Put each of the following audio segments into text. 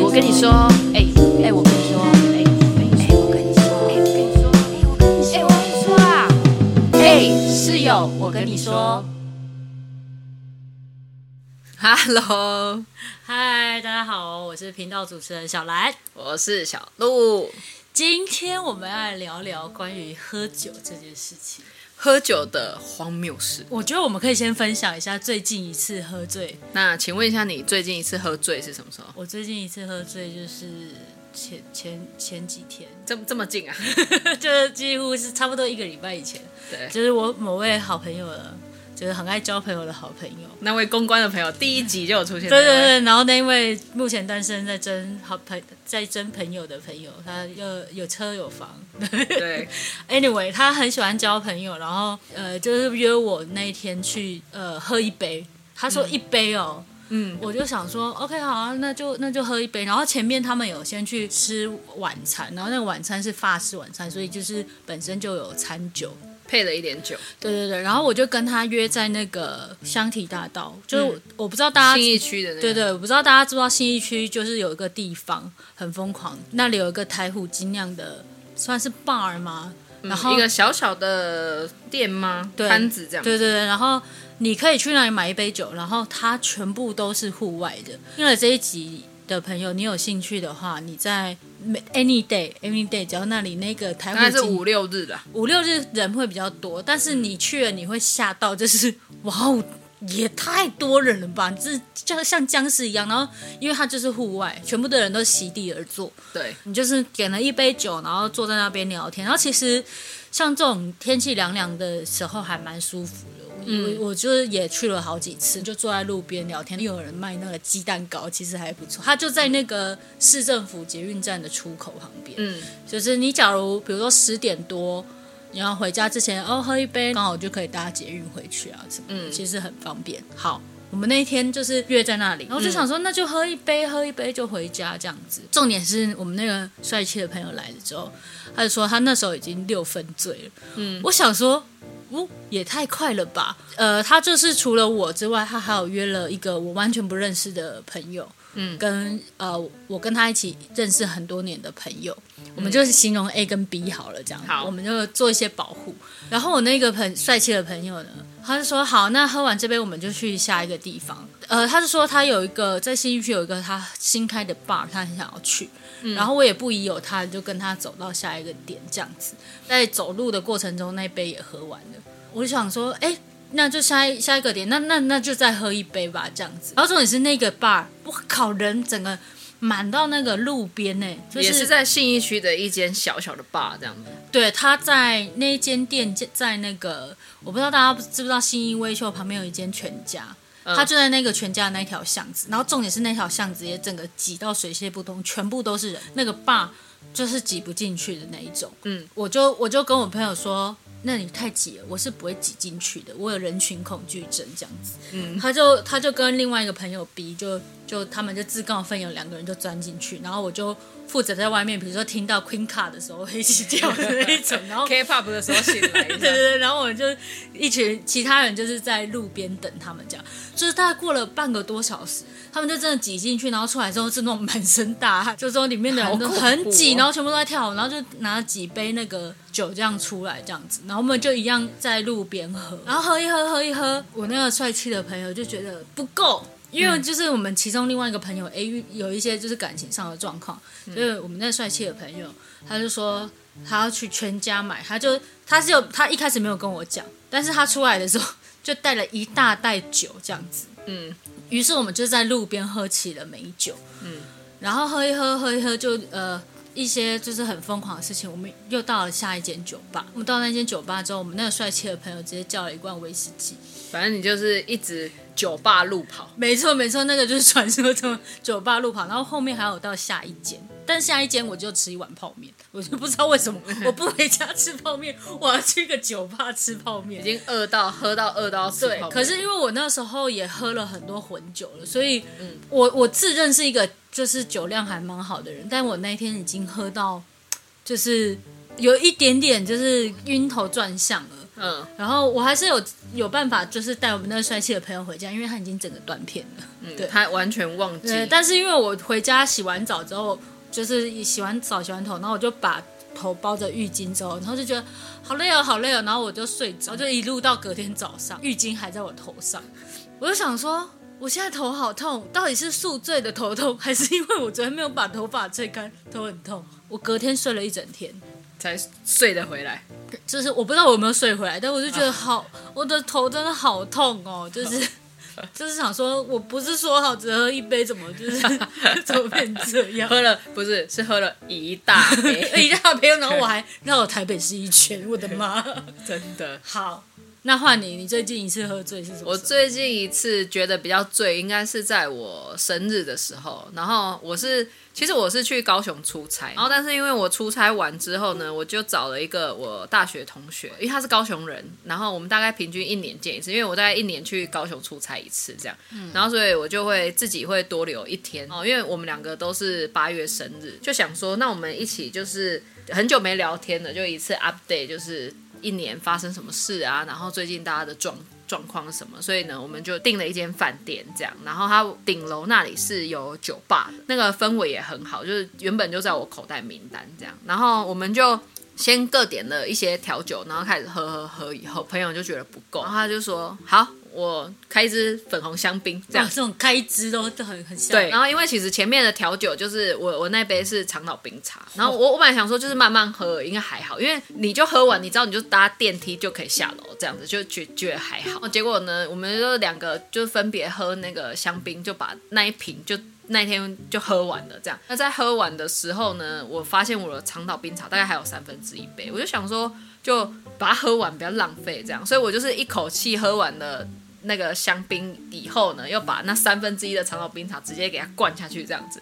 我跟你說，哎哎、欸，我跟你說，哎、欸、哎、欸，我跟你說，哎、欸我，欸我，欸我，欸我，欸、我跟你說啊，哎、欸、室友，我跟你說，Hello，嗨，大家好，我是頻道主持人小蘭，我是小鹿，今天我們要來聊聊關於喝酒這件事情。喝酒的荒謬事，我覺得我們可以先分享一下最近一次喝醉。那請問一下，你最近一次喝醉是什麼時候？我最近一次喝醉就是前前前幾天，這麼這麼近啊， 就是幾乎是差不多一個禮拜以前。對，就是我某位好朋友了。就是很愛交朋友的好朋友，那位公關的朋友第一集就有出現。嗯、對對對，然後那一位目前單身在爭好朋友在爭朋友的朋友，他又有，有車有房。對 ，anyway，他很喜歡交朋友，然後呃，就是約我那一天去呃喝一杯。他說一杯哦，嗯，我就想說、嗯、OK 好啊，那就那就喝一杯。然後前面他們有先去吃晚餐，然後那個晚餐是法式晚餐，所以就是本身就有餐酒。配了一點酒，對對對，然後我就跟他約在那個香堤大道，嗯、就是我不知道大家信義區的，對對，我不知道大家知不知道信義區就是有一個地方很瘋狂，那裡有一個台虎精釀的，算是 bar 嗎？嗯、然後一個小小的店嗎？攤對子這樣子，對對對，然後你可以去那裡買一杯酒，然後它全部都是戶外的，因為這一集。的朋友，你有興趣的話，你在 any day，any day，只要那裡那個台灣是五六日的，五六日人會比較多，但是你去了，你會嚇到，就是哇哦。也太多人了吧，就是像僵屍一樣，然後因為它就是戶外，全部的人都席地而坐。對，你就是點了一杯酒，然後坐在那邊聊天。然後其實像這種天氣涼涼的時候，還蠻舒服的。我、嗯、我就是也去了好幾次，就坐在路邊聊天，又有人賣那個雞蛋糕，其實還不錯。它就在那個市政府捷運站的出口旁邊。嗯，就是你假如比如說十點多。你要回家之前哦，喝一杯，剛好就可以搭捷運回去啊，什麼的，嗯、其實很方便。好，我們那一天就是約在那裡，然後就想說，嗯、那就喝一杯，喝一杯就回家這樣子。重點是我們那個帥氣的朋友來了之後，他就說他那時候已經六分醉了。嗯，我想說，唔、哦，也太快了吧。呃，他就是除了我之外，他還有約了一個我完全不認識的朋友。嗯，跟呃，我跟他一起認識很多年的朋友，嗯、我們就是形容 A 跟 B 好了這樣，好我們就做一些保護。然後我那個很帥氣的朋友呢，他就說好，那喝完這杯我們就去下一個地方。呃，他就說他有一個在新區有一個他新開的 bar，他很想要去。嗯、然後我也不疑有他，就跟他走到下一個點這樣子。在走路的過程中，那杯也喝完了。我就想說，哎。那就下一下一個點，那那那就再喝一杯吧，這樣子。然後重點是那個 bar，哇我靠，人整個滿到那個路邊呢，欸，就是也是在信義區的一間小小的 bar，這樣子。對，他在那一間店，在那個我不知道大家知不知道，信義威秀旁邊有一間全家，他就在那個全家那條巷子。然後重點是那條巷子也整個擠到水泄不通，全部都是人，那個 bar 就是擠不進去的那一種。嗯，我就我就跟我朋友說。那你太擠了，我是不會擠進去的，我有人群恐懼症這樣子。嗯，他就他就跟另外一個朋友逼就，就他們就自告奮勇，兩個人就鑽進去，然後我就負責在外面，比如說聽到 Queen Card 的時候一起跳的那種， 然後 K Pop 的時候醒來一下， 對對對，然後我們就一群其他人就是在路邊等他們，這樣就是大概過了半個多小時，他們就真的擠進去，然後出來之後是那種滿身大汗，就說裡面的人都很擠，哦、然後全部都在跳，然後就拿了幾杯那個酒這樣出來，這樣子，然後我們就一樣在路邊喝，然後喝一喝喝一喝，我那個帥氣的朋友就覺得不夠。因為就是我們其中另外一個朋友，嗯、誒，有一些就是感情上的狀況，嗯、所以我們那帥氣的朋友他就說他要去全家買，他就他是有他一開始沒有跟我講，但是他出來的時候就帶了一大袋酒這樣子，嗯，於是我們就在路邊喝起了美酒，嗯，然後喝一喝喝一喝就呃一些就是很瘋狂的事情，我們又到了下一間酒吧，我們到那間酒吧之後，我們那個帥氣的朋友直接叫了一罐威士忌，反正你就是一直酒吧路跑，沒錯沒錯，那個就是傳說中酒吧路跑，然後後面還有到下一間，但下一間我就吃一碗泡麵，我就不知道為什麼我不回家吃泡麵，我要去一個酒吧吃泡麵，已經餓到喝到餓到死。對，可是因為我那時候也喝了很多混酒了，所以，嗯，我我自認是一個就是酒量還蠻好的人，但我那天已經喝到，就是有一點點就是暈頭轉向了。嗯，然後我還是有有辦法，就是帶我們那個帥氣的朋友回家，因為他已經整個斷片了，對，嗯，他完全忘記。但是因為我回家洗完澡之後，就是洗完澡洗完頭，然後我就把頭包着浴巾之後，然後就覺得好累哦，好累哦，然後我就睡着，就一路到隔天早上，浴巾還在我頭上，我就想說，我現在頭好痛，到底是宿醉的頭痛，還是因為我昨天沒有把頭髮吹乾，頭很痛？我隔天睡了一整天。才睡得回來，就是我不知道我有沒有睡回來，但我就覺得好，啊、我的頭真的好痛哦，就是、啊、就是想說，我不是說好只喝一杯，怎麼就是怎麼變這樣？喝了不是，是喝了一大杯， 一大杯，然後我還繞了台北市一圈，我的媽，真的好。那換你，你最近一次喝醉是什麼？我最近一次覺得比較醉，應該是在我生日的時候。然後我是，其實我是去高雄出差。然後，但是因為我出差完之後呢，我就找了一個我大學同學，因為他是高雄人。然後我們大概平均一年見一次，因為我大概一年去高雄出差一次這樣。然後，所以我就會自己會多留一天哦，因為我們兩個都是八月生日，就想說，那我們一起就是很久沒聊天了，就一次 update 就是。一年發生什麼事啊？然後最近大家的狀狀況是什麼？所以呢，我們就訂了一間飯店這樣。然後它頂樓那裡是有酒吧的，那個氛圍也很好，就是原本就在我口袋名單這樣。然後我們就先各點了一些調酒，然後開始喝喝喝以後，朋友就覺得不夠，然後他就說好。我開一支粉紅香檳，這樣、哦、這種開一支都很很香。對，然後因為其實前面的調酒就是我我那杯是長島冰茶，然後我我本來想說就是慢慢喝，應該還好，因為你就喝完，你知道你就搭電梯就可以下樓，這樣子，就覺覺得還好。結果呢，我們就兩個就分別喝那個香檳，就把那一瓶就那天就喝完了。這樣，那在喝完的時候呢，我發現我的長島冰茶大概還有三分之一杯，我就想說就把它喝完，不要浪費這樣，所以我就是一口氣喝完了，那個香檳以後呢，又把那三分之一的長島冰茶直接給它灌下去，這樣子，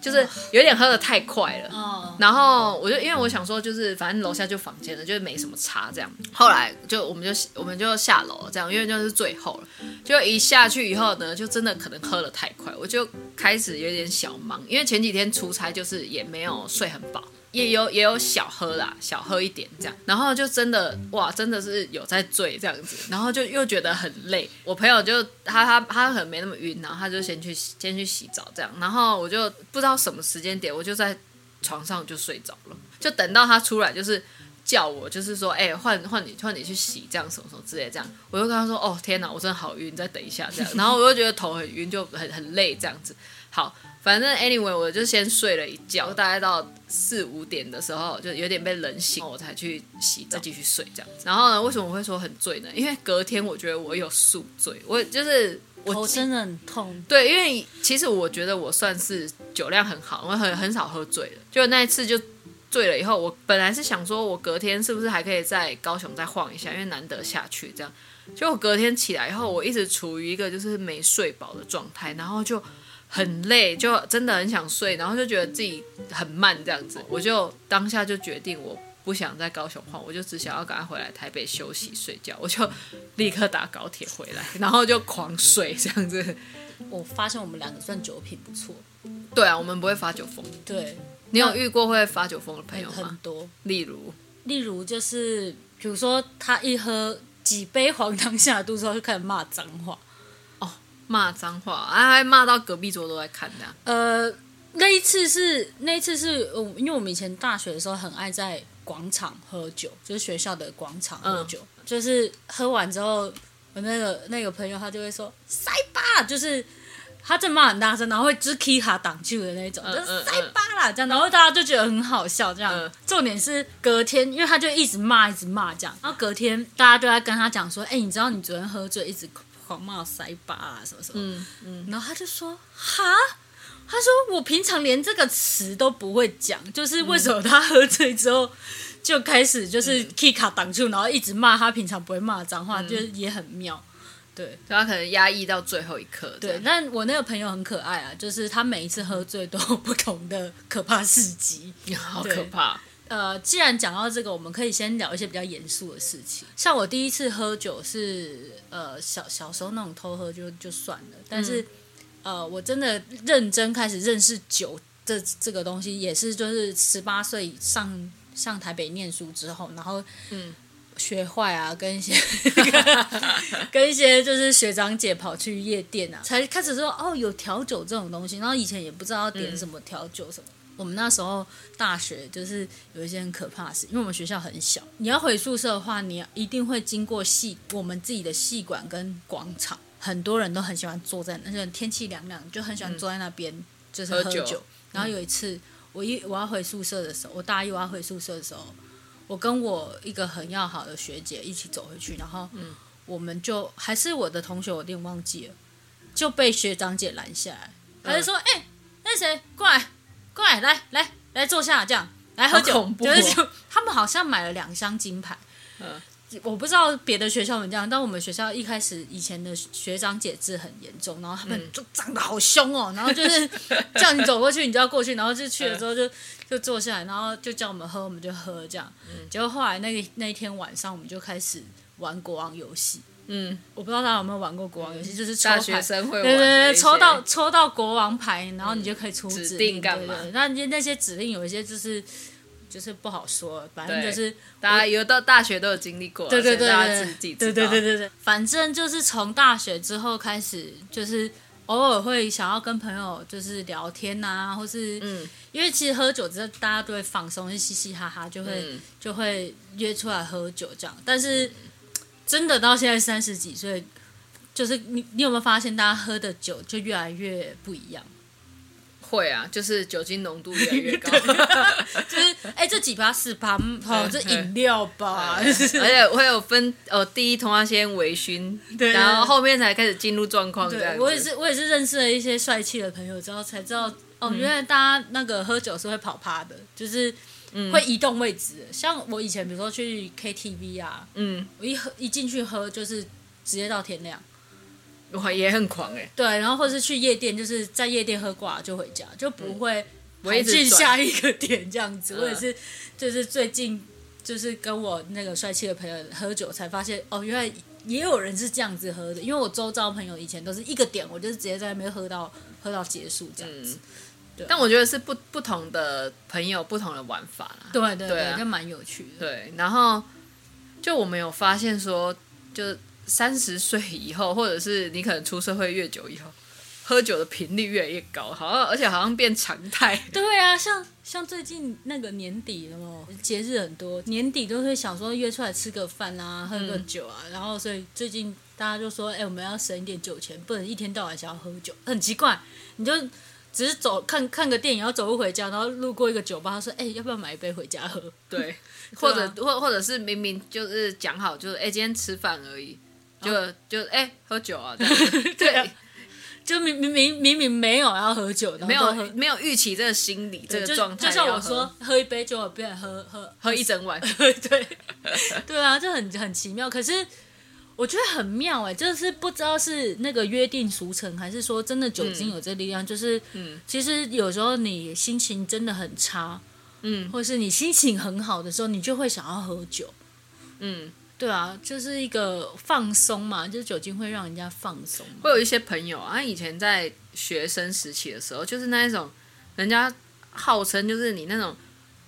就是有點喝得太快了。然後我就因為我想說，就是反正樓下就房間了，就是沒什麼差這樣。後來就我們就我們就下樓了這樣，因為就是最後了。就一下去以後呢，就真的可能喝得太快，我就開始有點小忙，因為前幾天出差就是也沒有睡很飽。也有也有小喝啦，小喝一點這樣，然後就真的哇，真的是有在醉這樣子，然後就又覺得很累。我朋友就他他他可能沒那麼暈，然後他就先去先去洗澡這樣，然後我就不知道什麼時間點，我就在床上就睡着了，就等到他出來就是叫我，就是說哎、欸、換換你換你去洗這樣什麼什麼之類這樣，我就跟他說哦天哪我真的好暈，再等一下這樣，然後我又覺得頭很暈就很很累這樣子，好反正 anyway 我就先睡了一覺，大概到。四五點的時候就有點被冷醒，我才去洗，再繼續睡這樣子。然後呢，為什麼我會說很醉呢？因為隔天我覺得我有宿醉，我就是我頭真的很痛。對，因為其實我覺得我算是酒量很好，我很很少喝醉的。就那一次就醉了以後，我本來是想說我隔天是不是還可以在高雄再晃一下，因為難得下去這樣。就隔天起來以後，我一直處於一個就是沒睡飽的狀態，然後就。很累，就真的很想睡，然後就覺得自己很慢這樣子，我就當下就決定我不想在高雄晃，我就只想要趕快回來台北休息睡覺，我就立刻搭高鐵回來，然後就狂睡這樣子。我發現我們兩個算酒品不錯。對啊，我們不會發酒瘋。對，你有遇過會發酒瘋的朋友嗎？很多。例如，例如就是比如說他一喝幾杯黃湯下肚之後，就開始罵髒話。罵髒話，還還罵到隔壁桌都在看的。呃，那一次是那一次是，因為我們以前大學的時候很愛在廣場喝酒，就是學校的廣場喝酒。嗯、就是喝完之後，我那個那個朋友他就會說“塞巴”，就是他在罵很大聲，然後會就是 K 卡擋酒的那種，嗯、就是“塞巴啦”啦、嗯、這樣，然後大家就覺得很好笑。這樣，嗯、重點是隔天，因為他就一直罵一直罵這樣，然後隔天大家就在跟他講說：“哎、欸，你知道你昨天喝醉一直哭。”狂罵腮巴啊什麼什麼，嗯，嗯然後他就說：“哈，他說我平常連這個詞都不會講，就是為什麼他喝醉之後就開始就是 K 卡擋住，嗯、然後一直罵他平常不會罵髒話，嗯、就也很妙。對，他可能壓抑到最後一刻。對，那樣我那個朋友很可愛啊，就是他每一次喝醉都不同的可怕事跡，哦、好可怕。”呃，既然講到這個，我們可以先聊一些比較嚴肅的事情。像我第一次喝酒是，呃，小小時候那種偷喝就就算了，但是，嗯、呃，我真的認真開始認識酒這這個東西，也是就是十八歲上上台北念書之後，然後、嗯、學壞啊，跟一些 跟一些就是學長姐跑去夜店啊，才開始說哦，有調酒這種東西，然後以前也不知道要點什麼調酒什麼。嗯我們那時候大學就是有一些很可怕的事，因為我們學校很小，你要回宿舍的話，你一定會經過系、我們自己的系館跟廣場，很多人都很喜歡坐在那邊，天氣涼涼，就很喜歡坐在那邊、嗯、就是喝酒。喝酒然後有一次，我一我要回宿舍的時候，我大一我要回宿舍的時候，我跟我一個很要好的學姐一起走回去，然後我們就、嗯、還是我的同學，我有點忘記了，就被學長姐攔下來，他就說，哎、呃欸，那誰過來？過來，來來來坐下，這樣來喝酒、哦就是就。他們好像買了兩箱金牌，嗯、我不知道別的學校怎麼樣，但我們學校一開始以前的學長姐制很嚴重，然後他們就長得好凶哦，嗯、然後就是叫 你走過去，你就要過去，然後就去了之後就、嗯、就坐下來，然後就叫我們喝，我們就喝這樣。嗯、結果後來那個那一天晚上，我們就開始玩國王遊戲。嗯，我不知道大家有沒有玩過國王遊戲，就是抽大學生會玩對，對對，抽到抽到國王牌，然後你就可以出指令幹嘛、嗯？那那些指令有一些就是就是不好說，反正就是對我大家有到大學都有經歷過、啊，對對對對對自己自己對對、對、對、對，反正就是從大學之後開始，就是偶爾會想要跟朋友就是聊天啊，或是嗯，因為其實喝酒之後大家都會放鬆，嘻嘻哈哈，就會、嗯、就會約出來喝酒這樣，但是。嗯真的到現在三十幾歲，就是你，你有沒有發現大家喝的酒就越來越不一樣？會啊，就是酒精濃度越來越高， 就是哎、欸，這幾趴四趴跑這飲料吧， 而且我有分呃、哦，第一，通常先微醺，然後後面才開始進入狀況。這樣，我也是，我也是認識了一些帥氣的朋友，之後才知道哦，嗯、原來大家那個喝酒是會跑趴的，就是。嗯、會移動位置，像我以前比如說去 KTV 啊，嗯，我一喝一進去喝就是直接到天亮，我也很狂哎、欸。對，然後或是去夜店，就是在夜店喝掛就回家，就不會，我進下一個點這樣子，我也、嗯、是，就是最近就是跟我那個帥氣的朋友喝酒才發現，哦，原來也有人是這樣子喝的。因為我周遭朋友以前都是一個點，我就是直接在那邊喝到喝到結束這樣子。嗯但我覺得是不不同的朋友，不同的玩法啦。對對對，就蠻、啊、有趣的。對，然後就我們有發現說，就三十歲以後，或者是你可能出社會越久以後，喝酒的頻率越來越高，好像而且好像變常態。對啊，像像最近那個年底了嘛，節日很多，年底都會想說約出來吃個飯啊，喝個酒啊。嗯、然後所以最近大家就說，哎、欸，我們要省一點酒錢，不能一天到晚想要喝酒。很奇怪，你就。只是走看看個電影，然後走路回家，然後路過一個酒吧，他說：“哎、欸，要不要買一杯回家喝？”對， 對啊、或者或或者是明明就是講好就是哎、欸、今天吃飯而已，就、啊、就哎、欸、喝酒啊這樣， 對，啊、對，就明明明明明沒有要喝酒，喝沒有沒有預期這個心理對這個狀態，就像我說，喝一杯就要變喝喝喝一整晚， 對對啊，就很很奇妙，可是。我覺得很妙欸，就是不知道是那個約定俗成，還是說真的酒精有這力量。嗯、就是，嗯，其實有時候你心情真的很差，嗯，或是你心情很好的時候，你就會想要喝酒，嗯，對啊，就是一個放鬆嘛，就是酒精會讓人家放鬆。會有一些朋友啊，以前在學生時期的時候，就是那一種，人家號稱就是你那種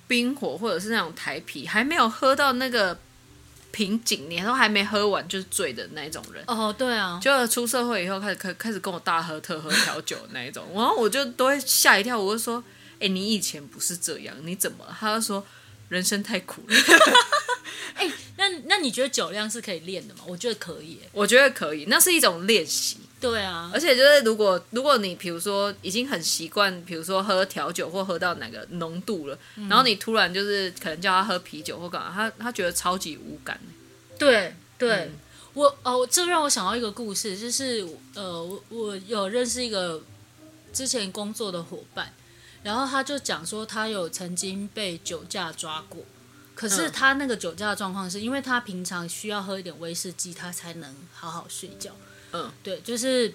冰火或者是那種台啤還沒有喝到那個。瓶頸，你都還，還沒喝完就是醉的那一種人哦，oh, 對啊，就出社會以後開始開開始跟我大喝特喝調酒那一種， 然後我就都會嚇一跳，我就說，哎、欸，你以前不是這樣，你怎麼了？他就說，人生太苦了。哎、 欸，那那你覺得酒量是可以練的嗎？我覺得可以，我覺得可以，那是一種練習。對啊，而且就是如果如果你比如說已經很習慣，比如說喝調酒或喝到哪個濃度了，嗯、然後你突然就是可能叫他喝啤酒或幹嘛，他他覺得超級無感耶。對對，嗯、我哦，這讓我想到一個故事，就是呃我，我有認識一個之前工作的夥伴，然後他就講說他有曾經被酒駕抓過，可是他那個酒駕的狀況是、嗯、因為他平常需要喝一點威士忌，他才能好好睡覺。嗯，對，就是，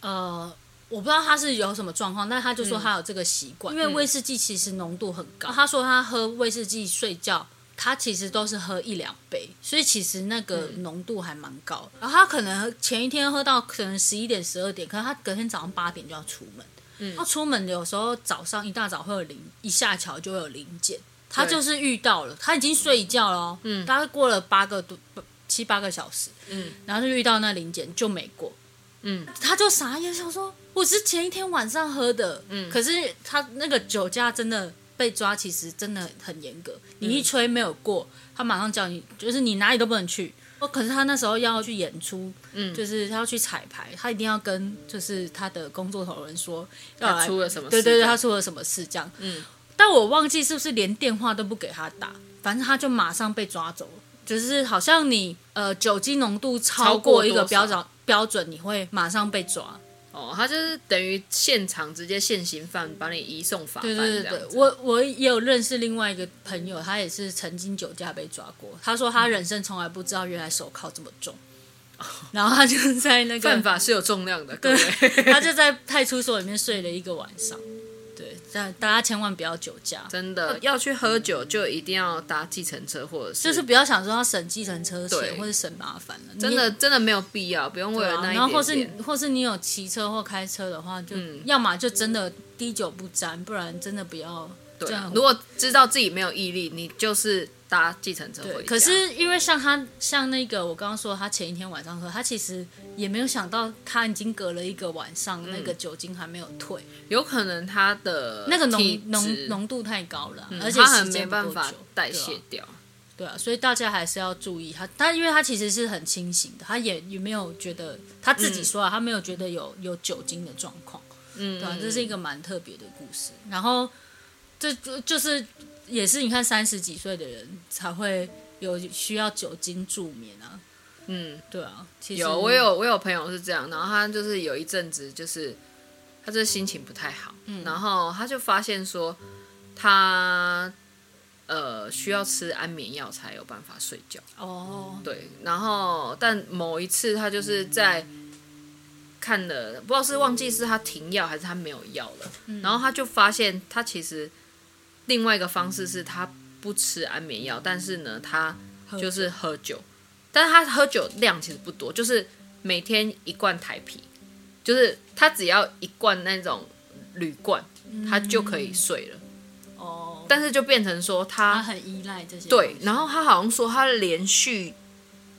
呃，我不知道他是有什麼狀況，但他就說他有這個習慣，嗯、因為威士忌其實濃度很高。嗯、他說他喝威士忌睡覺，他其實都是喝一兩杯，所以其實那個濃度還蠻高。嗯、然後他可能前一天喝到可能十一點十二點，可能他隔天早上八點就要出門。嗯，他出門有時候早上一大早會有臨，一下橋就會有臨檢，他就是遇到了，嗯、他已經睡覺了，嗯，大概過了八個多。七八個小時，嗯，然後就遇到那臨檢就沒過，嗯，他就傻眼，想說我是前一天晚上喝的，嗯，可是他那個酒駕真的被抓，其實真的很嚴格，嗯，你一吹沒有過，他馬上叫你，就是你哪裡都不能去。哦，可是他那時候要去演出，嗯，就是他要去彩排，他一定要跟就是他的工作頭人說要出了什麼，對對對，他出了什麼事這樣，對對對這樣，嗯，但我忘記是不是連電話都不給他打，反正他就馬上被抓走了。可是好像你呃酒精濃度超過一個標準標準，你會馬上被抓。哦，他就是等於現場直接現行犯把你移送法辦。對對對對，我我也有認識另外一個朋友，他也是曾經酒駕被抓過。他說他人生從來不知道原來手銬這麼重，嗯、然後他就在那個犯法是有重量的，對，他就在派出所裡面睡了一個晚上。但大家千萬不要酒駕，真的要去喝酒就一定要搭計程車，或者是就是不要想說要省計程車錢對或者省麻煩了，真的也真的沒有必要，不用為了那一點、啊、然後或是或是你有騎車或開車的話，就、嗯、要麼就真的滴酒不沾，不然真的不要。對，如果知道自己沒有毅力，你就是。搭計程車回去。可是因為像他，像那個我剛剛說他前一天晚上喝，他其實也沒有想到他已經隔了一個晚上，嗯、那個酒精還沒有退。有可能他的那個濃濃濃度太高了、啊，嗯、而且時間不夠久很沒辦法代謝掉對啊。對啊，所以大家還是要注意他。他因為他其實是很清醒的，他也也沒有覺得他自己說啊，他沒有覺得有有酒精的狀況。嗯，對啊，這是一個蠻特別的故事。然後這就就是。也是，你看三十幾歲的人才會有需要酒精助眠啊，嗯，對啊，其實有我有我有朋友是這樣，然後他就是有一陣子，就是他這心情不太好，嗯、然後他就發現說他呃需要吃安眠藥才有辦法睡覺哦，對，然後但某一次他就是在看了，嗯、不知道是忘記是他停藥還是他沒有藥了，嗯、然後他就發現他其實。另外一個方式是他不吃安眠藥，嗯、但是呢，他就是喝酒，喝酒但是他喝酒量其實不多，就是每天一罐台啤，就是他只要一罐那種鋁罐，嗯、他就可以睡了。哦。但是就變成說他，他很依賴這些。對，然後他好像說他連續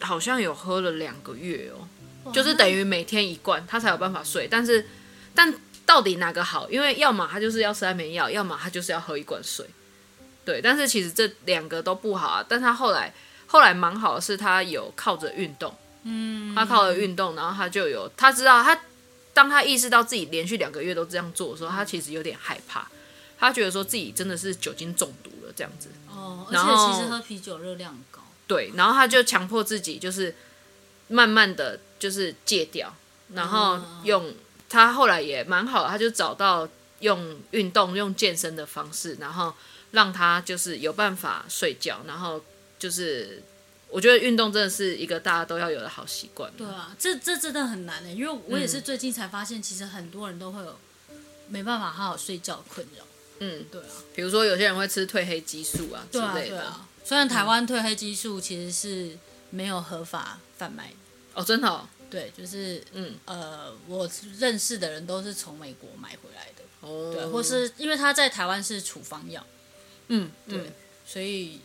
好像有喝了兩個月哦，哇就是等於每天一罐，他才有辦法睡，但是，但。到底哪個好？因為要麼他就是要吃安眠藥，要麼他就是要喝一罐水。對，但是其實這兩個都不好啊。但他後來後來蠻好的，是他有靠着運動，嗯，他靠着運動，然後他就有他知道他當他意識到自己連續兩個月都這樣做的時候，他其實有點害怕，他覺得說自己真的是酒精中毒了這樣子。哦，而且其實喝啤酒熱量高。對，然後他就強迫自己就是慢慢的，就是戒掉，然後用。他後來也蠻好的，他就找到用運動、用健身的方式，然後讓他就是有辦法睡覺，然後就是我覺得運動真的是一個大家都要有的好習慣。對啊，這這真的很難呢、欸，因為我也是最近才發現，嗯、其實很多人都會有沒辦法好好睡覺困擾。嗯，對啊，比如說有些人會吃褪黑激素啊，對啊，之類的對、啊。對啊，雖然台灣褪黑激素其實是沒有合法販賣的、嗯、哦，真的、哦。對，就是嗯呃，我認識的人都是從美國買回來的哦，對，或是因為他在台灣是處方藥，嗯，對，嗯、所以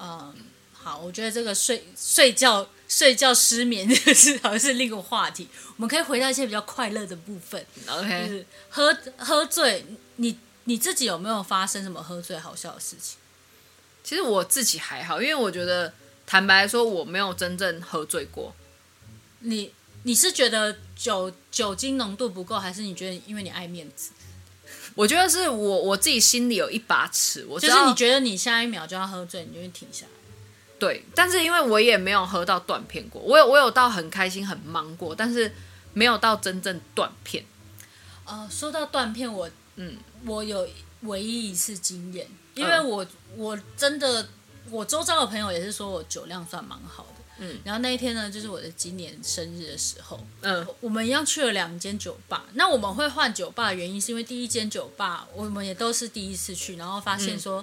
嗯、呃，好，我覺得這個睡睡覺睡覺失眠是 好像是另一個話題，我們可以回到一些比較快樂的部分。嗯、OK，就是喝喝醉，你你自己有沒有發生什麼喝醉好笑的事情？其實我自己還好，因為我覺得坦白說，我沒有真正喝醉過。你。你是覺得酒酒精濃度不夠，還是你覺得因為你愛面子？我覺得是我我自己心裡有一把尺，我就是你覺得你下一秒就要喝醉，你就會停下來。對，但是因為我也沒有喝到斷片過，我有我有到很開心很茫過，但是沒有到真正斷片。啊、呃，說到斷片，我嗯，我有唯一一次經驗，因為我、呃、我真的我周遭的朋友也是說我酒量算蠻好的。嗯，然後那一天呢，就是我的今年生日的時候，嗯，我，我們一樣去了兩間酒吧。那我們會換酒吧的原因，是因為第一間酒吧我們也都是第一次去，然後發現說，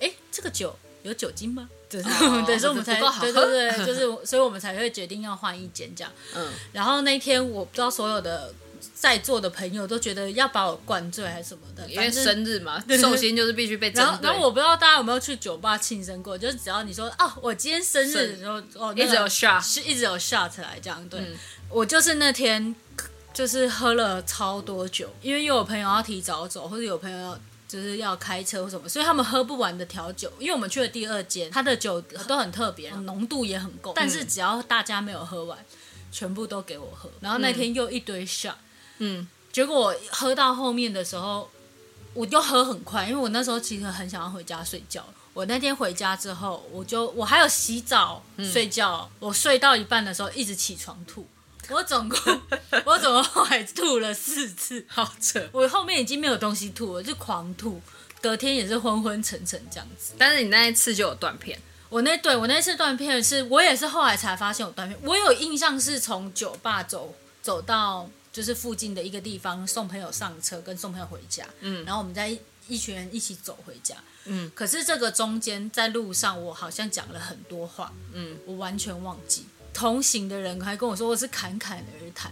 哎，嗯，欸，這個酒有酒精嗎？對，所以我們才不好喝，對對對，就是，所以我們才會決定要換一間這樣。嗯，然後那一天我不知道所有的。在座的朋友都覺得要把我灌醉還是什麼的，因為生日嘛，壽是星就是必須被。 然後，然後我不知道大家有沒有去酒吧慶生過，就是只要你說哦，我今天生日的時候，生哦，那個、一直有下，是一直有下 h 來這樣。對，嗯、我就是那天就是喝了超多酒，因為又有朋友要提早走，或者有朋友要就是要開車或什麼，所以他們喝不完的調酒，因為我們去了第二間，他的酒都很特別，濃度也很夠，嗯、但是只要大家沒有喝完，全部都給我喝。然後那天又一堆 shot, s、嗯嗯，結果我喝到後面的時候，我就喝很快，因為我那時候其實很想要回家睡覺。我那天回家之後，我就我還有洗澡睡覺，嗯、我睡到一半的時候一直起床吐，我總共 我總共後來吐了四次，好扯！我後面已經沒有東西吐了，就狂吐。隔天也是昏昏沉沉這樣子。但是你那一次就有斷片我，我那對我那次斷片是我也是後來才發現我斷片，我有印象是從酒吧走走到。就是附近的一個地方，送朋友上車，跟送朋友回家。嗯，然後我們再一群人一起走回家。嗯，可是這個中間在路上，我好像講了很多話。嗯，我完全忘記，同行的人還跟我說我是侃侃而談。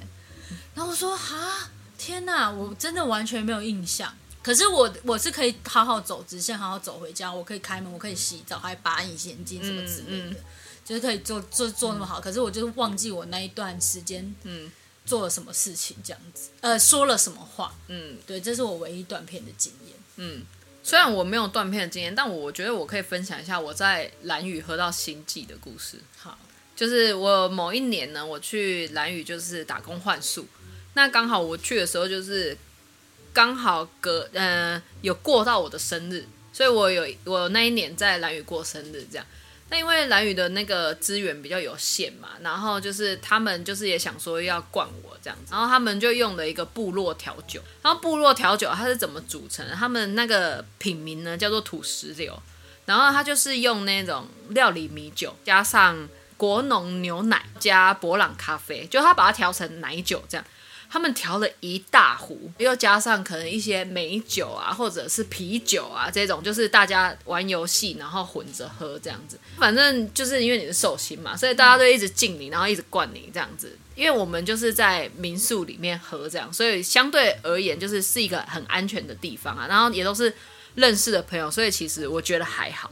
嗯、然後我說：“哈，天哪，我真的完全沒有印象。”可是我我是可以好好走直線，好好走回家。我可以開門，我可以洗澡，還拔隱形眼鏡什麼之類的，嗯嗯、就是可以做做做那麼好。嗯、可是我就是忘記我那一段時間。嗯。做了什麼事情這樣子，呃，說了什麼話，嗯，對，這是我唯一斷片的經驗。嗯，雖然我沒有斷片的經驗，但我覺得我可以分享一下我在蘭嶼喝到心悸的故事。好，就是我某一年呢，我去蘭嶼就是打工換宿，嗯、那剛好我去的時候就是剛好隔，呃，有過到我的生日，所以我有我那一年在蘭嶼過生日這樣。因為蘭嶼的那個資源比較有限嘛，然後就是他們就是也想說要灌我這樣子，然後他們就用了一個部落調酒，然後部落調酒它是怎麼組成的？他們那個品名呢叫做土石流，然後它就是用那種料理米酒加上國農牛奶加伯朗咖啡，就他把它調成奶酒這樣。他們調了一大壺，又加上可能一些美酒啊，或者是啤酒啊，這種就是大家玩遊戲，然後混着喝這樣子。反正就是因為你是壽星嘛，所以大家都一直敬你，然後一直灌你這樣子。因為我們就是在民宿裡面喝，這樣，所以相對而言就是是一個很安全的地方啊。然後也都是認識的朋友，所以其實我覺得還好。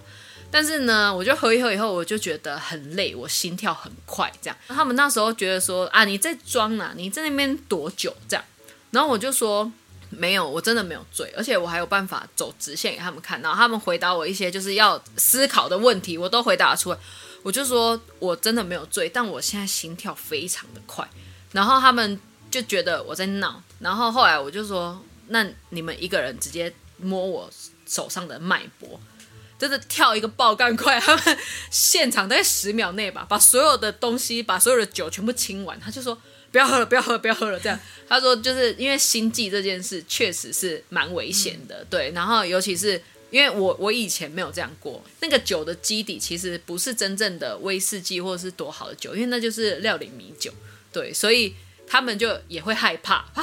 但是呢，我就喝一喝以後，我就覺得很累，我心跳很快，這樣。他們那時候覺得說啊，你在裝啊？你在那邊多久？這樣。然後我就說沒有，我真的沒有醉，而且我還有辦法走直線給他們看。然後他們回答我一些就是要思考的問題，我都回答了出來。我就說我真的沒有醉，但我現在心跳非常的快。然後他們就覺得我在鬧。然後後來我就說，那你們一個人直接摸我手上的脈搏。真的跳一個爆幹快，他們現場在十秒內吧，把所有的東西，把所有的酒全部清完，他就說不要喝了，不要喝了，不要喝了。這樣他說，就是因為心悸這件事確實是蠻危險的，嗯、對。然後尤其是因為我我以前沒有這樣過，那個酒的基底其實不是真正的威士忌或是多好的酒，因為那就是料理米酒，對，所以。他們就也會害怕，怕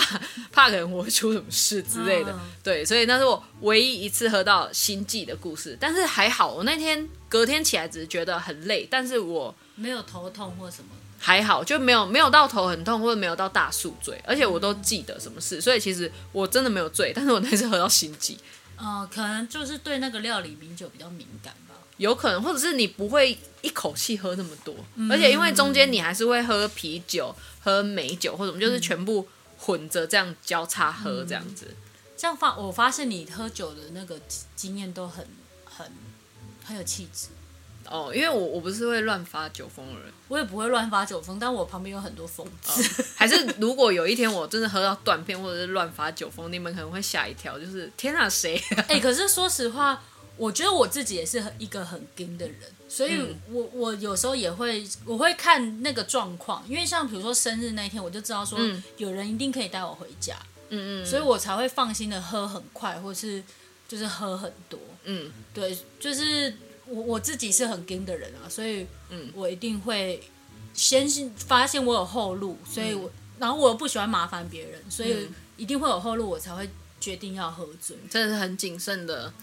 怕可能我會出什麼事之類的。嗯、對，所以那是我唯一一次喝到心悸的故事。但是還好，我那天隔天起來只是覺得很累，但是我沒有頭痛或什麼，還好就沒有沒有到頭很痛，或者沒有到大宿醉，而且我都記得什麼事，所以其實我真的沒有醉。但是我那次喝到心悸，嗯，可能就是對那個料理米酒比較敏感。有可能，或者是你不會一口氣喝那麼多，嗯、而且因為中間你還是會喝啤酒、嗯、喝美酒，或者我們就是全部混着這樣交叉喝這樣子、嗯。這樣發，我發現你喝酒的那個經驗都很很很有氣質哦，因為我我不是會亂發酒瘋的人，我也不會亂發酒瘋，但我旁邊有很多瘋子。 哦、還是如果有一天我真的喝到斷片，或者是亂發酒瘋，你們可能會嚇一跳，就是天啊，誰、啊？哎、欸，可是說實話。我覺得我自己也是一個很精的人，所以我，我我有時候也會，我會看那個狀況，因為像比如說生日那一天，我就知道說，有人一定可以帶我回家，嗯嗯，所以我才會放心的喝很快，或是就是喝很多，嗯，對，就是我我自己是很精的人啊，所以，我一定會先發現我有後路，所以我，然後我不喜歡麻煩別人，所以一定會有後路，我才會決定要喝醉，這是很謹慎的。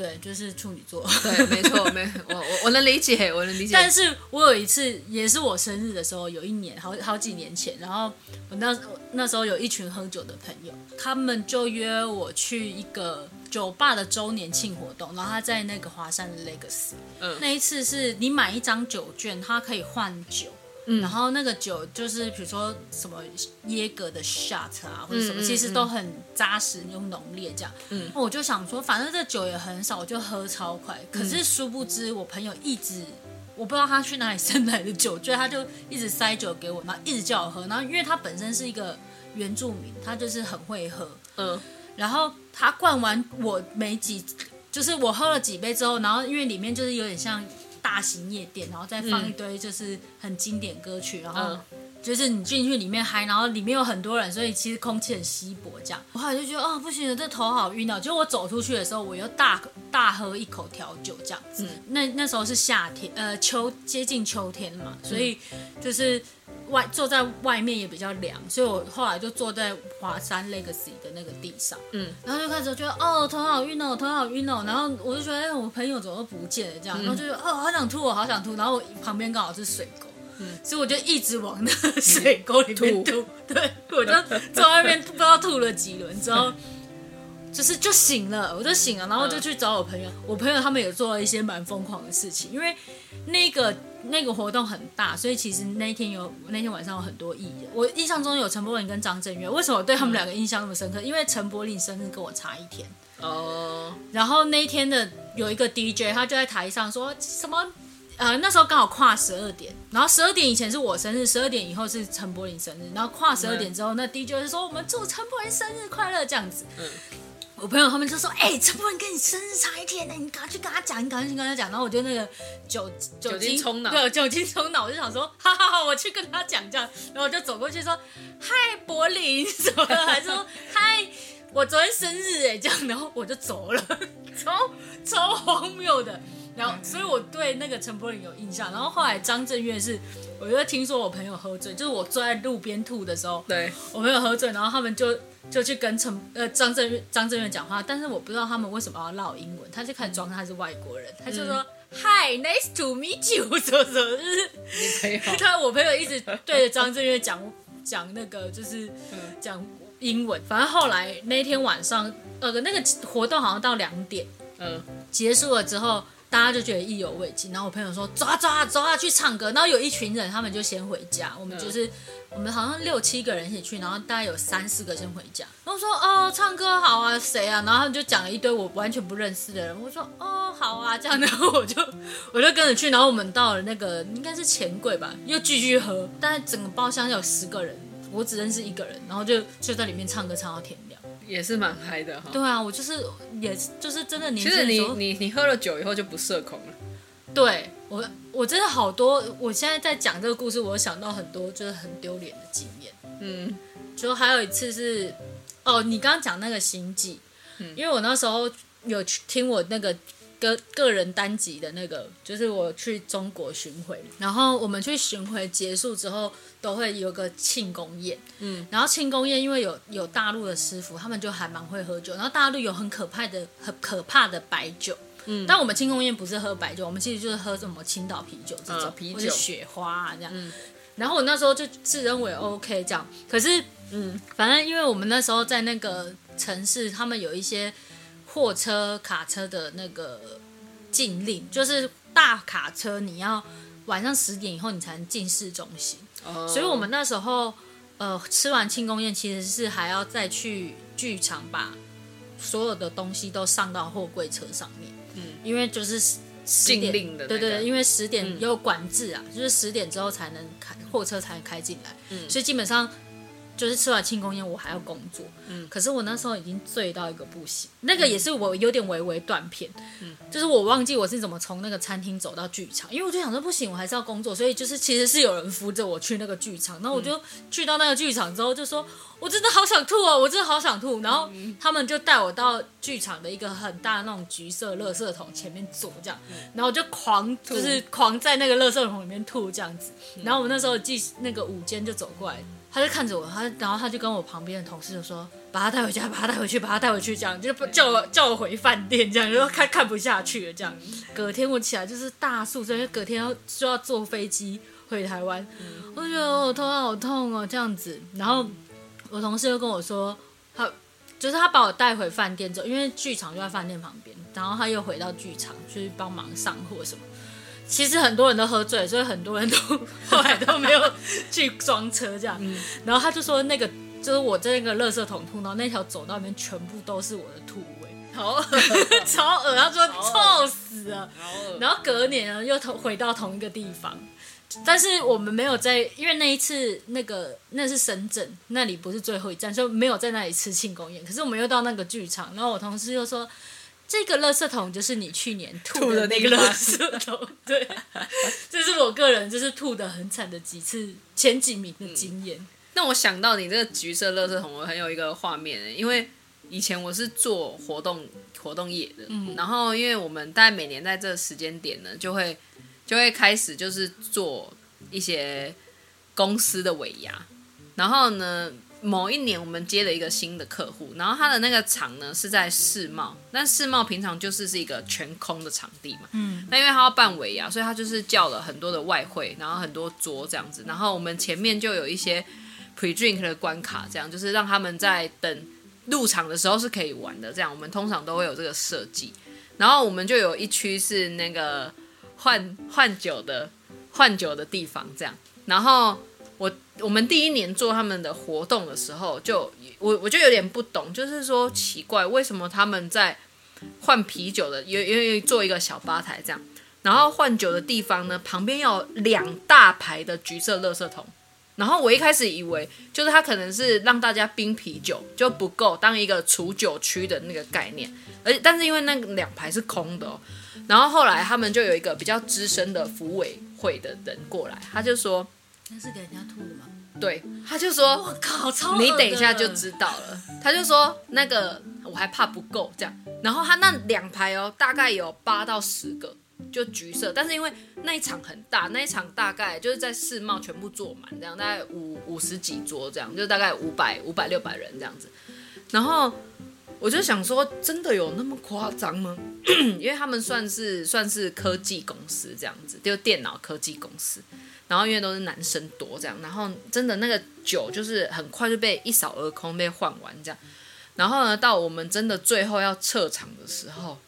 對，就是處女座，對，沒錯，沒，我我我能理解，我能理解。但是我有一次也是我生日的時候，有一年好好幾年前，然後我那那時候有一群喝酒的朋友，他們就約我去一個酒吧的周年慶活動，然後他在那個華山的 Legacy，嗯，那一次是你買一張酒券，他可以換酒。嗯、然後那個酒就是比如說什麼耶格的 shot、啊、s h o t 啊或者什麼，其實都很扎實又、嗯、濃烈這樣。嗯，我就想說，反正這個酒也很少，我就喝超快。可是殊不知我朋友一直，我不知道他去哪裡生來的酒，所以他就一直塞酒給我，然後一直叫我喝。然後因為他本身是一個原住民，他就是很會喝。嗯，然後他灌完我沒幾，就是我喝了幾杯之後，然後因為裡面就是有點像。大型夜店，然後再放一堆就是很經典歌曲，嗯、然後。就是你進去裡面嗨，然後裡面有很多人，所以其實空氣很稀薄。這樣，我後來就覺得哦，不行了，這頭好暈哦、喔，就我走出去的時候，我又大大喝一口調酒，這樣子。嗯、那那時候是夏天，呃，秋接近秋天嘛，所以就是外坐在外面也比較涼，所以我後來就坐在華山 Legacy 的那個地上，嗯，然後就開始覺得哦，頭好暈哦、喔，頭好暈哦、喔。然後我就覺得，哎，我朋友怎麼不見了？這樣，然後就覺得哦，好想吐、喔，我好想吐。然後我旁邊剛好是水溝。嗯、所以我就一直往那水溝裡面吐，嗯、吐。對，我就在外面不知道吐了幾輪之後，就是就醒了，我就醒了，然後就去找我朋友。嗯、我朋友他們也做了一些蠻瘋狂的事情，因為那個那個活動很大，所以其實那天有那天晚上有很多藝人。我印象中有陳柏霖跟張震岳，為什麼我對他們兩個印象那麼深刻？因為陳柏霖生日跟我差一天哦，然後那天的有一個 DJ 他就在台上說什麼。呃，那時候剛好跨十二點，然後十二點以前是我生日，十二點以後是陳柏霖生日，然後跨十二點之後，那 DJ 就說我們祝陳柏霖生日快樂這樣子。嗯。我朋友他們就說，哎、欸，陳柏霖跟你生日差一天呢，你趕快去跟他講，你趕快去跟他講。然後我就那個酒酒精衝腦，腦對，酒精衝腦，我就想說，哈哈哈，我去跟他講這樣，然後我就走過去說，嗨，柏霖，怎麼了？還說，嗨，我昨天生日哎，這樣，然後我就走了，超超荒謬的。然後，所以我對那個陳柏霖有印象。然後後來張震岳是，我就聽說我朋友喝醉，就是我坐在路邊吐的時候，對，我朋友喝醉，然後他們就就去跟陳呃張震岳張震岳講話，但是我不知道他們為什麼要落英文，他就開始裝他是外國人，他就說、嗯、Hi nice to meet you，所走、 就是、有他我朋友一直對着張震岳講 講那個就是、嗯、講英文。反正後來那天晚上，呃那個活動好像到兩點，嗯，結束了之後。大家就覺得意猶未盡，然後我朋友說：“走啊走啊走啊，去唱歌。”然後有一群人，他們就先回家。我們就是我們好像六七個人一起去，然後大概有三四個先回家。然後我說：“哦，唱歌好啊，誰啊？”然後他們就講了一堆我完全不認識的人。我說：“哦，好啊，這樣。”然後我就我就跟着去。然後我們到了那個應該是錢櫃吧，又繼續喝。但整個包廂有十個人。我只認識一個人，然後就就在裡面唱歌，唱到天亮，也是蠻嗨的哈，哦。對啊，我就是，也就是真的，其實你，你你你你喝了酒以後就不社恐了。對我，我真的好多，我現在在講這個故事，我想到很多就是很丟臉的經驗。嗯，就還有一次是，哦，你剛剛講那個星際，嗯，因為我那時候有去聽我那個。個個人單集的那個，就是我去中國巡迴，然後我們去巡迴結束之後，都會有個慶功宴，嗯，然後慶功宴因為有有大陸的師傅，他們就還蠻會喝酒，然後大陸有很可怕的、很可怕的白酒，嗯，但我們慶功宴不是喝白酒，我們其實就是喝什麼青島啤酒這種，嗯，或者雪花啊這樣，嗯，然後我那時候就自認為 OK 這樣，可是，嗯，反正因為我們那時候在那個城市，他們有一些。貨車、卡車的那個禁令，就是大卡車，你要晚上十點以後你才能進市中心。Oh. 所以我們那時候，呃，吃完慶功宴，其實是還要再去劇場把所有的東西都上到貨櫃車上面。嗯。因為就是十點禁令的、那個。對對對，因為十點有管制啊，嗯、就是十點之後才能開貨車才能開進來。嗯。所以基本上。就是吃完慶功宴，我還要工作。嗯，可是我那時候已經醉到一個不行，嗯、那個也是我有點微微斷片。嗯，就是我忘記我是怎麼從那個餐廳走到劇場，因為我就想說不行，我還是要工作，所以就是其實是有人扶着我去那個劇場。然後我就去到那個劇場之後，就說、嗯、我真的好想吐哦、啊，我真的好想吐。嗯、然後他們就帶我到劇場的一個很大的那種橘色垃圾桶前面坐這樣，嗯、然後我就狂吐，就是狂在那個垃圾桶裡面吐這樣子。嗯、然後我那時候記那個舞監，就走過來。他就看着我，他然後他就跟我旁邊的同事就說：“把他帶回家，把他帶回去，把他帶回去，這樣就叫叫我回飯店，這樣就說看看不下去了。”這樣，隔天我起來就是大宿醉，所以隔天要就要坐飛機回台灣，我覺得我頭好痛哦，啊，這樣子。然後我同事又跟我說，他就是他把我帶回飯店之後，因為劇場就在飯店旁邊，然後他又回到劇場去幫忙上貨什麼。其實很多人都喝醉，所以很多人都後來都沒有去裝車這樣。 然後他就說，那個就是我在那個垃圾桶吐的那條走道裡面全部都是我的吐味，好惡後，超惡 後。他說臭死了，然後隔年又回到同一個地方，但是我們沒有在，因為那一次那個那個、是深圳，那裡不是最後一站，所以沒有在那裡吃慶功宴。可是我們又到那個劇場，然後我同事又說。這個垃圾桶就是你去年吐的那個垃圾桶，圾桶對，這 是我個人就是吐的很慘的幾次前幾名的經驗、嗯。那我想到你這個橘色垃圾桶，我很有一個畫面，因為以前我是做活動活動業的，嗯、然後因為我們在每年在這個時間點呢，就會就會開始就是做一些公司的尾牙，然後呢。某一年，我們接了一個新的客戶，然後他的那個場呢是在世貿。但世貿平常就是是一個全空的場地嘛，嗯，那因為他要辦尾牙，所以他就是叫了很多的外燴，然後很多桌這樣子，然後我們前面就有一些 pre drink 的關卡，這樣就是讓他們在等入場的時候是可以玩的，這樣我們通常都會有這個設計，然後我們就有一區是那個換換酒的換酒的地方這樣，然後。我們第一年做他們的活動的時候就，就我我就有點不懂，就是說奇怪，為什麼他們在換啤酒的，也因為做一個小吧台這樣，然後換酒的地方呢，旁邊要有兩大排的橘色垃圾桶，然後我一開始以為就是他可能是讓大家冰啤酒，就不夠當一個儲酒區的那個概念，而但是因為那個兩排是空的、哦，然後後來他們就有一個比較資深的福委會的人過來，他就說。那是給人家吐的嗎？對，他就說，我靠，超你等一下就知道了。他就說，那個我還怕不夠這樣。然後他那兩排哦，大概有八到十個，就橘色。但是因為那一場很大，那一場大概就是在世貿全部坐滿這樣，大概五五十幾桌這樣，就大概五百五百六百人這樣子。然後。我就想說，真的有那麼誇張嗎？ 因為他們算是算是科技公司這樣子，就是、電腦科技公司。然後因為都是男生多這樣，然後真的那個酒就是很快就被一掃而空，被換完這樣。然後呢，到我們真的最後要撤場的時候，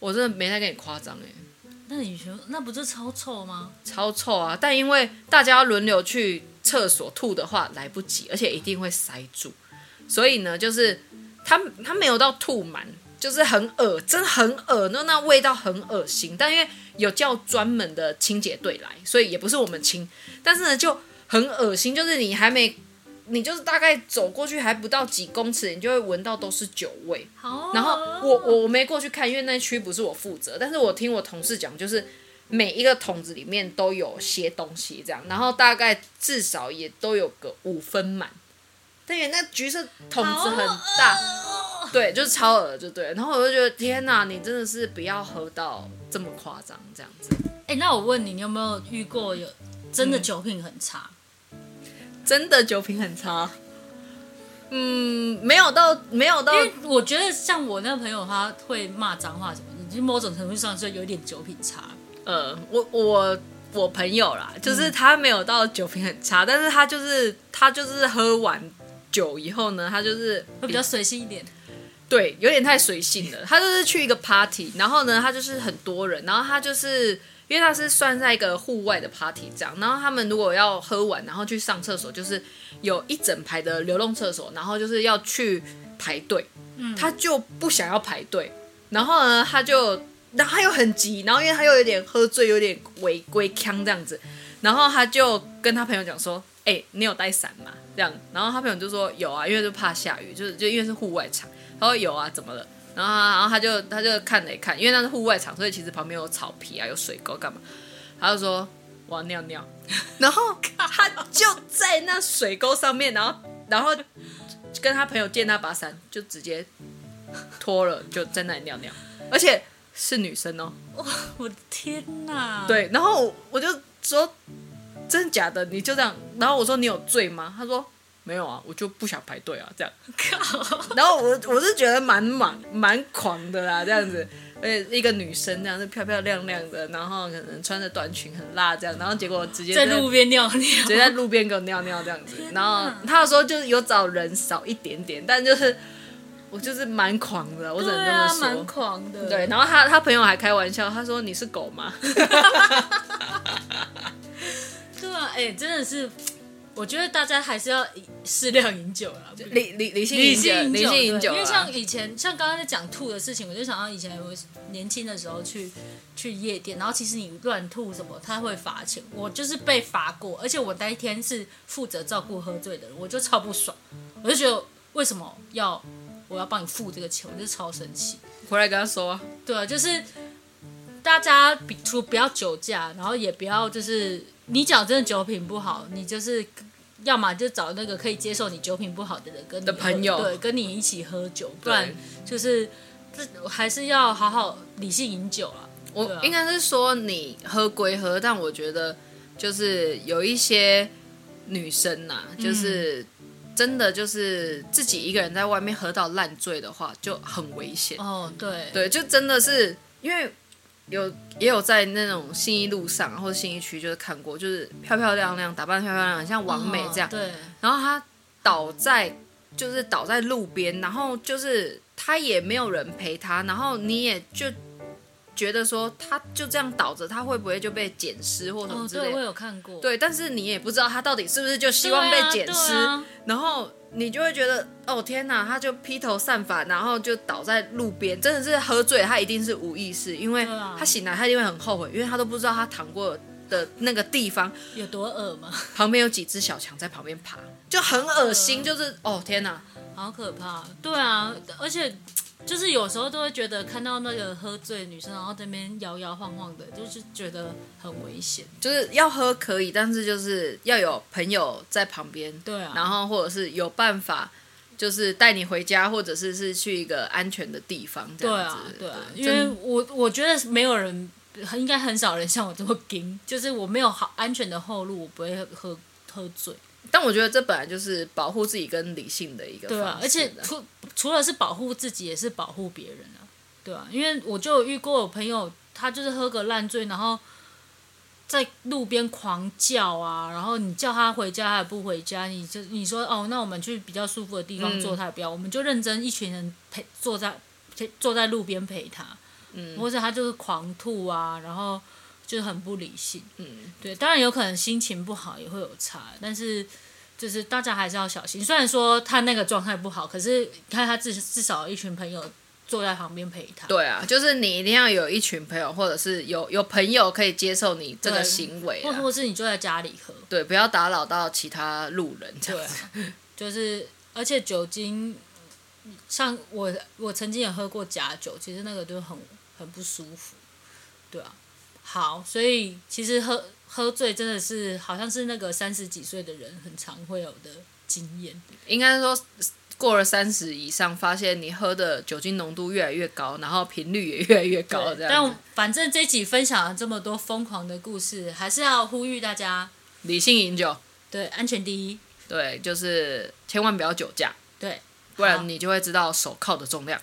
我真的沒在跟你誇張哎。那你說那不是超臭嗎？超臭啊！但因為大家輪流去廁所吐的話來不及，而且一定會塞住，所以呢，就是。他他沒有到吐滿，就是很惡，真的很惡，那那味道很惡心。但因為有叫專門的清潔隊來，所以也不是我們清。但是呢，就很惡心，就是你還沒，你就是大概走過去還不到幾公尺，你就會聞到都是酒味。Oh. 然後我我我沒過去看，因為那區不是我負責。但是我聽我同事講，就是每一個桶子裡面都有些東西這樣，然後大概至少也都有個五分滿。對，那橘色桶子很大，哦呃哦、對，就是超噁，就對。然後我就覺得天哪，啊，你真的是不要喝到這麼誇張這樣子。哎、欸，那我問你，你有沒有遇過有真的酒品很差？嗯、真的酒品很差？嗯，沒有到，沒有到。因為我覺得像我那個朋友，他會罵髒話什麼，其實某種程度上就有一點酒品差。呃，我我我朋友啦，就是他沒有到酒品很差，嗯、但是他就是他就是喝完酒以後呢，他就是比，會比較隨性一點，對，有點太隨性了。他就是去一個 party，然後呢，他就是很多人，然後他就是因為他是算在一個戶外的 party，這樣，然後他們如果要喝完，然後去上廁所，就是有一整排的流動廁所，然後就是要去排隊，嗯，他就不想要排隊，然後呢，他就，然後他又很急，然後因為他又有點喝醉，有點違規腔這樣子，然後他就跟他朋友講說。哎、欸，你有帶傘嗎？這樣，然後他朋友就說有啊，因為就怕下雨，就是就因為是戶外場。他說有啊，怎麼了？然後然後他就他就看了一看，因為那是戶外場，所以其實旁邊有草皮啊，有水溝幹嘛？他就說我要尿尿，然後他就在那水溝上面，然後然後跟他朋友借那把傘，就直接脫了就在那裡尿尿，而且是女生哦！哇，我的天哪！對，然後我就說。真的假的？你就這樣？然後我說你有醉嗎？他說沒有啊，我就不想排隊啊，這樣。然後我我是覺得蠻猛蠻狂的啦，這樣子。而且一個女生這樣子漂漂亮亮的，然後可能穿着短裙很辣這樣，然後結果直接在,在路邊尿尿，直接在路邊給我尿尿這樣子。哪然後他說就是有找人少一點點，但就是我就是蠻狂的，我只能這麼說。對啊，蠻狂的。對，然後他他朋友還開玩笑，他說你是狗嗎？ 對啊，哎、欸，真的是，我覺得大家還是要適量飲酒了，理理理性理性飲酒。因為像以前，像剛剛在講吐的事情，我就想到以前我年輕的時候去去夜店，然後其實你亂吐什麼，他會罰錢。我就是被罰過，而且我那一天是負責照顧喝醉的人，我就超不爽，我就覺得為什麼要我要幫你付這個錢，我就超生氣。回來跟他說、啊，對、啊，就是大家比，別不要酒駕，然後也不要就是。你講真的酒品不好，你就是要麼就找那個可以接受你酒品不好的人跟你的朋友，對，跟你一起喝酒，不然就是這還是要好好理性飲酒啊。我應該是說你喝歸喝，但我覺得就是有一些女生吶、啊，就是真的就是自己一個人在外面喝到爛醉的話，就很危險哦。對對，就真的是因為。有也有在那種信義路上或者信義區就是看過，就是漂漂亮亮打扮漂漂亮亮，像網美這樣。哦、對。然後她倒在，就是倒在路邊，然後就是她也沒有人陪她，然後你也就覺得說她就這樣倒着，她會不會就被撿屍或者什麼之類的？哦、對、我有看過。對，但是你也不知道她到底是不是就希望被撿屍，啊啊、然後。你就會覺得哦天哪，他就披頭散髮，然後就倒在路邊，真的是喝醉，他一定是無意識，因為他醒來他就會很後悔，因為他都不知道他躺過的那個地方有多噁嘛。旁邊有幾隻小強在旁邊爬，就很噁心，噁就是哦天哪，好可怕，對啊，心而且。就是有時候都會覺得看到那個喝醉的女生，然後在那邊搖搖晃晃的，就是覺得很危險。就是要喝可以，但是就是要有朋友在旁邊。對啊。然後或者是有辦法，就是帶你回家，或者是是去一個安全的地方這樣子。對啊，對，對啊。因為我我覺得沒有人，應該很少人像我這麼硬，就是我沒有好安全的後路，我不會喝喝醉。但我覺得這本來就是保護自己跟理性的一個方式。對啊，而且除除了是保護自己，也是保護別人啊。對啊，因為我就遇過我朋友，他就是喝個爛醉，然後在路邊狂叫啊，然後你叫他回家，他也不回家。你就你說哦，那我們去比較舒服的地方坐，他也不要。嗯、我們就認真一群人陪坐在坐在路邊陪他，嗯，或者他就是狂吐啊，然後。就是很不理性，嗯，對，當然有可能心情不好也會有差，但是就是大家還是要小心。雖然說他那個狀態不好，可是看他至至少一群朋友坐在旁邊陪他。對啊，就是你一定要有一群朋友，或者是有有朋友可以接受你這個行為，或或是你坐在家裡喝，對，不要打擾到其他路人這樣子。對啊，就是而且酒精，像我我曾經也喝過假酒，其實那個就很很不舒服，對啊。好，所以其實喝喝醉真的是，好像是那個三十幾歲的人很常會有的經驗。應該說，過了三十以上，發現你喝的酒精濃度越來越高，然後頻率也越來越高。這樣，但反正這一集分享了這麼多瘋狂的故事，還是要呼籲大家理性飲酒，對，安全第一，對，就是千萬不要酒駕，對，不然你就會知道手銬的重量，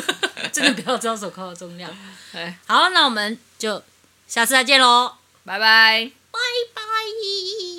真的不要知道手銬的重量。 好，那我們就。下次再見嘍，拜拜，拜拜。